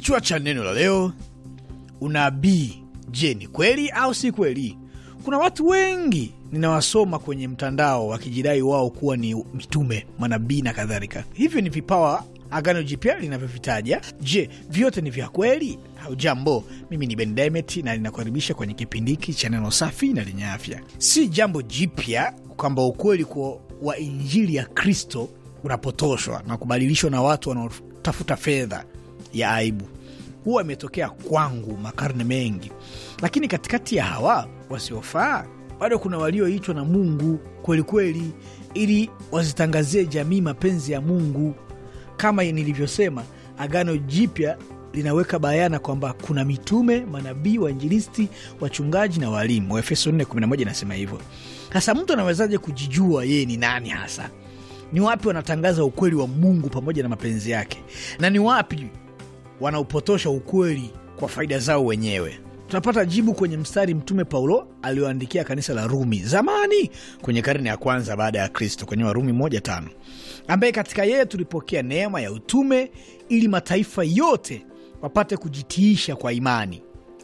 Kichwa cha neno la leo: unabii, je, ni kweli au si kweli? Kuna watu wengi ninawasoma kwenye mtandao wakijidai wao kuwa ni mitume, manabii na kadhalika. Hivyo ni vipawa Agano Jipya linavyovitaja. Je, vyote ni vya kweli? au jambo mimi ni Ben na ninakaribisha kwenye kipindi hiki cha neno safi na lenye afya. Si jambo jipya kwamba ukweli kwa wa Injili ya Kristo unapotoshwa na kubadilishwa na watu wanaotafuta fedha ya aibu huwa imetokea kwangu makarne mengi, lakini katikati ya hawa wasiofaa bado kuna walioitwa na Mungu kweli kweli, ili wazitangazie jamii mapenzi ya Mungu. Kama nilivyosema, Agano Jipya linaweka bayana kwamba kuna mitume, manabii, wainjilisti, wachungaji na walimu. Waefeso 4:11 inasema hivyo. Sasa mtu anawezaje kujijua yeye ni nani hasa? Ni wapi wanatangaza ukweli wa Mungu pamoja na mapenzi yake, na ni wapi wanaopotosha ukweli kwa faida zao wenyewe. Tunapata jibu kwenye mstari Mtume Paulo aliyoandikia kanisa la Rumi zamani kwenye karne ya kwanza baada ya Kristo, kwenye Warumi moja tano, ambaye katika yeye tulipokea neema ya utume ili mataifa yote wapate kujitiisha kwa imani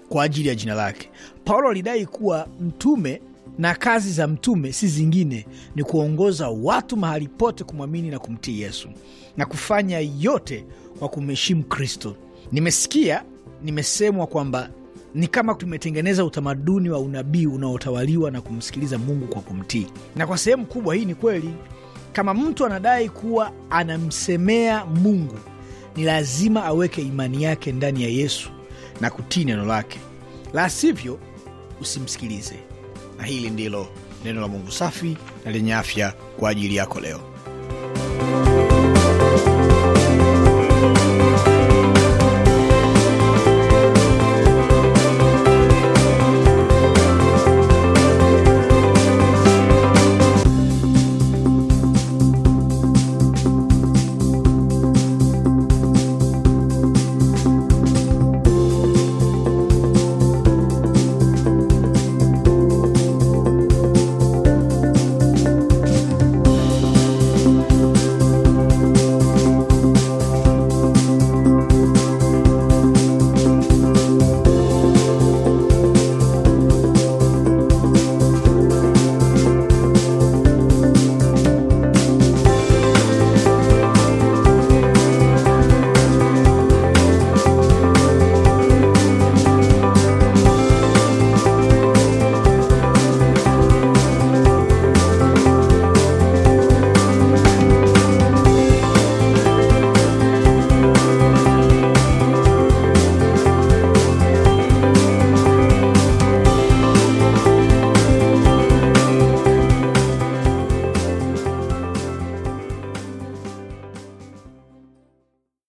kwa ajili ya jina lake. Paulo alidai kuwa mtume na kazi za mtume si zingine, ni kuongoza watu mahali pote kumwamini na kumtii Yesu na kufanya yote kwa kumheshimu Kristo. Nimesikia nimesemwa kwamba ni kama tumetengeneza utamaduni wa unabii unaotawaliwa na kumsikiliza Mungu kwa kumtii, na kwa sehemu kubwa hii ni kweli. Kama mtu anadai kuwa anamsemea Mungu, ni lazima aweke imani yake ndani ya Yesu na kutii neno lake, la sivyo usimsikilize. Na hili ndilo neno la Mungu safi na lenye afya kwa ajili yako leo.